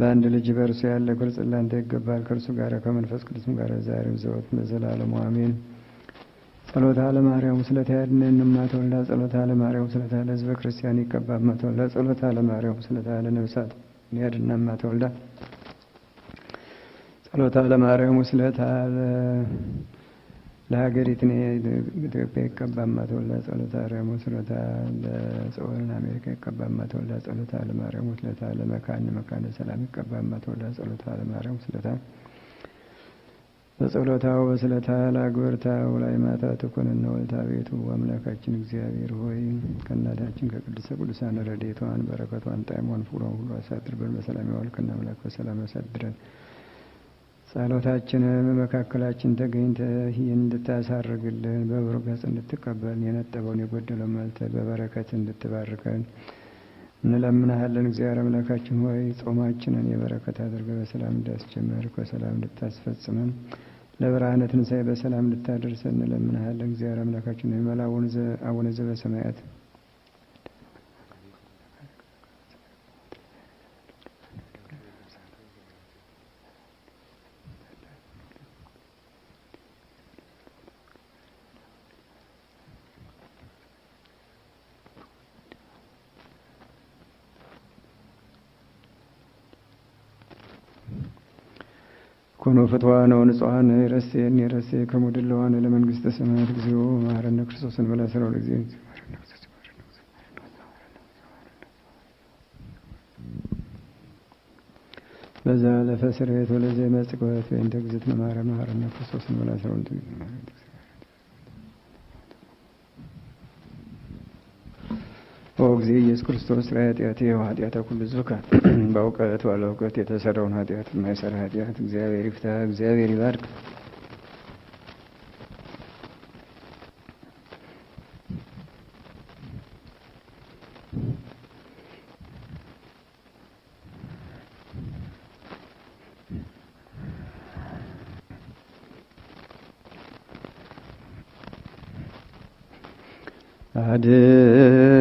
በአንድ ልጅ በእርሱ ያለ ክብር ለአንተ ይገባል፣ ከእርሱ ጋር ከመንፈስ ቅዱስም ጋር ዛሬም ዘወት ለዘላለሙ አሜን። ጸሎት አለማርያም ስለታ ያድነን ጸሎት አለማርያም ለማርያም ስለታ ለሕዝበ ክርስቲያን ይቀባ እማተወልዳ ጸሎታ ለማርያም ስለታ ለነብሳት ያድና እማተወልዳ ጸሎታ ለማርያም ስለታ ለሀገሪቱ ኢትዮጵያ ይቀባማ ተወላ ጸሎታ አርያሞት ለታ ለጽዮን አሜሪካ ይቀባማ ተወላ ጸሎታ ለማርያሞት ለታ ለመካን መካነ ሰላም ይቀባማ ተወላ ጸሎታ ለማርያሞት ለታ በጸሎታው በስለታ ላጎርታ ውላይ ማታ ትኩን እነወልታ ቤቱ አምላካችን እግዚአብሔር ሆይ ከእናታችን ከቅዱሰ ቅዱሳን ረድኤቷን በረከቷን ጣዕሟን ፍቅሯን ሁሉ አሳድርበን በሰላም ያዋልቅና አምላክ በሰላም ያሳድረን። ጸሎታችንም መካከላችን ተገኝተህ እንድታሳርግልን በብሩህ ገጽ እንድትቀበልን የነጠበውን የጎደለው መልተ በበረከት እንድትባርከን እንለምናሃለን። እግዚአብሔር አምላካችን ሆይ ጾማችንን የበረከት አድርገ በሰላም እንዳስጀመርክ በሰላም እንድታስፈጽመን ለብርሃነ ትንሣኤ በሰላም እንድታደርሰን እንለምናሃለን። እግዚአብሔር አምላካችን ሆይ መላውን አቡነ ዘበሰማያት ኮኖ ፍትዋነ ወንጽሐነ ረሴን የረሴ ከሙድል ለዋነ ለመንግስተ ሰማያት ጊዜ ማረነ ክርስቶስን በላይ ስራው ለጊዜ በዛ ለፈስሬት ወለዘ መጽቆት ወይንተ ግዝት መማረ መሐረነ ክርስቶስን በላ ስራው ጊዜ ኢየሱስ ክርስቶስ ለኃጢአቴ ኃጢአታኩም ብዙ በእውቀት ባለ እውቀት የተሰራውን ኃጢአት የማይሰራ ኃጢአት እግዚአብሔር ይፍታ፣ እግዚአብሔር ይባርክ። I did.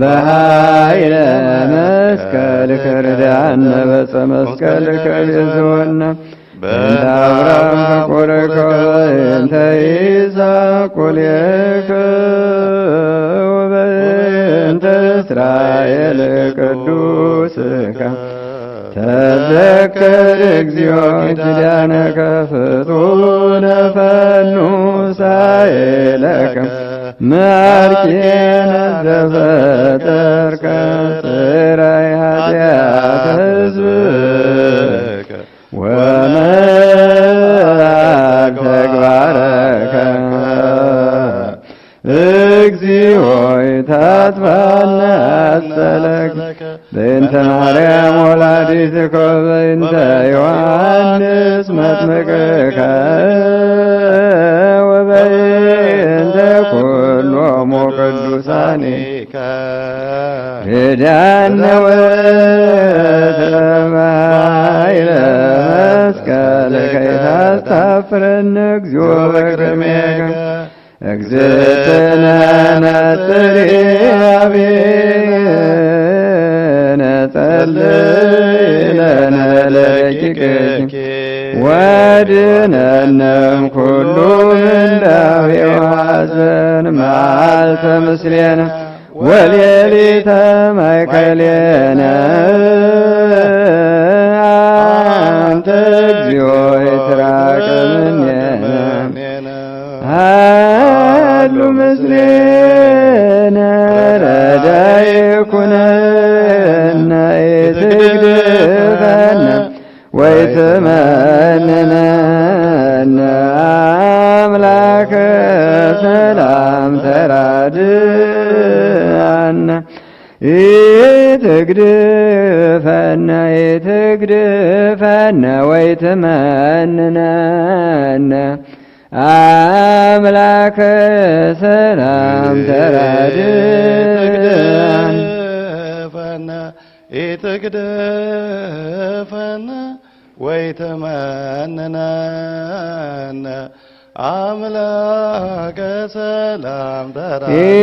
በኃይለ መስቀል ከርዳነ በፀ መስቀል ወበእንተ እስራኤል ቅዱስከ ተዘከር እግዚኦ ኪዳነከ ፍጡነ ፈኑ መርጌነ ዘፈጠርከ ጽረይ ኃጢአት ሕዝብከ ወመላክ ተግባረከ እግዚኦ ይታጥፋነ ጸለከ በእንተ ማርያም ወላዲትኮ በእንተ ዮሐንስ መጥምቅከ ወዳነ ወተማይለ መስቀል ከይታስታፍረን እግዚኦ በቅድሜከ እግዝእትነ ነጽሬያቤነ ጸልይለነ ለደቂቅኪ ወድነነም ኩሉ ምንዳፌ ዋዘን መዓልተ ምስሌነ ወሌሊተ ማይከሌነ አንተ እግዚኦ ይትራቅ እምኔነ ሃሉ ምስሌነ ረዳይ ኩነነ ኢትግድፈነ ወይትመንነነ አምላከ ሰላም ተራድ ኢትግድፈነ ኢትግድፈነ ወይትመንነነ አምላከ ሰላም ተራድእ ኢትግድፈነ ወይትመንነነ አምላከ ሰላም ተራድእ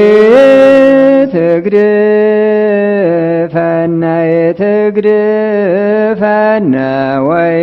ትግድፈነ ወይ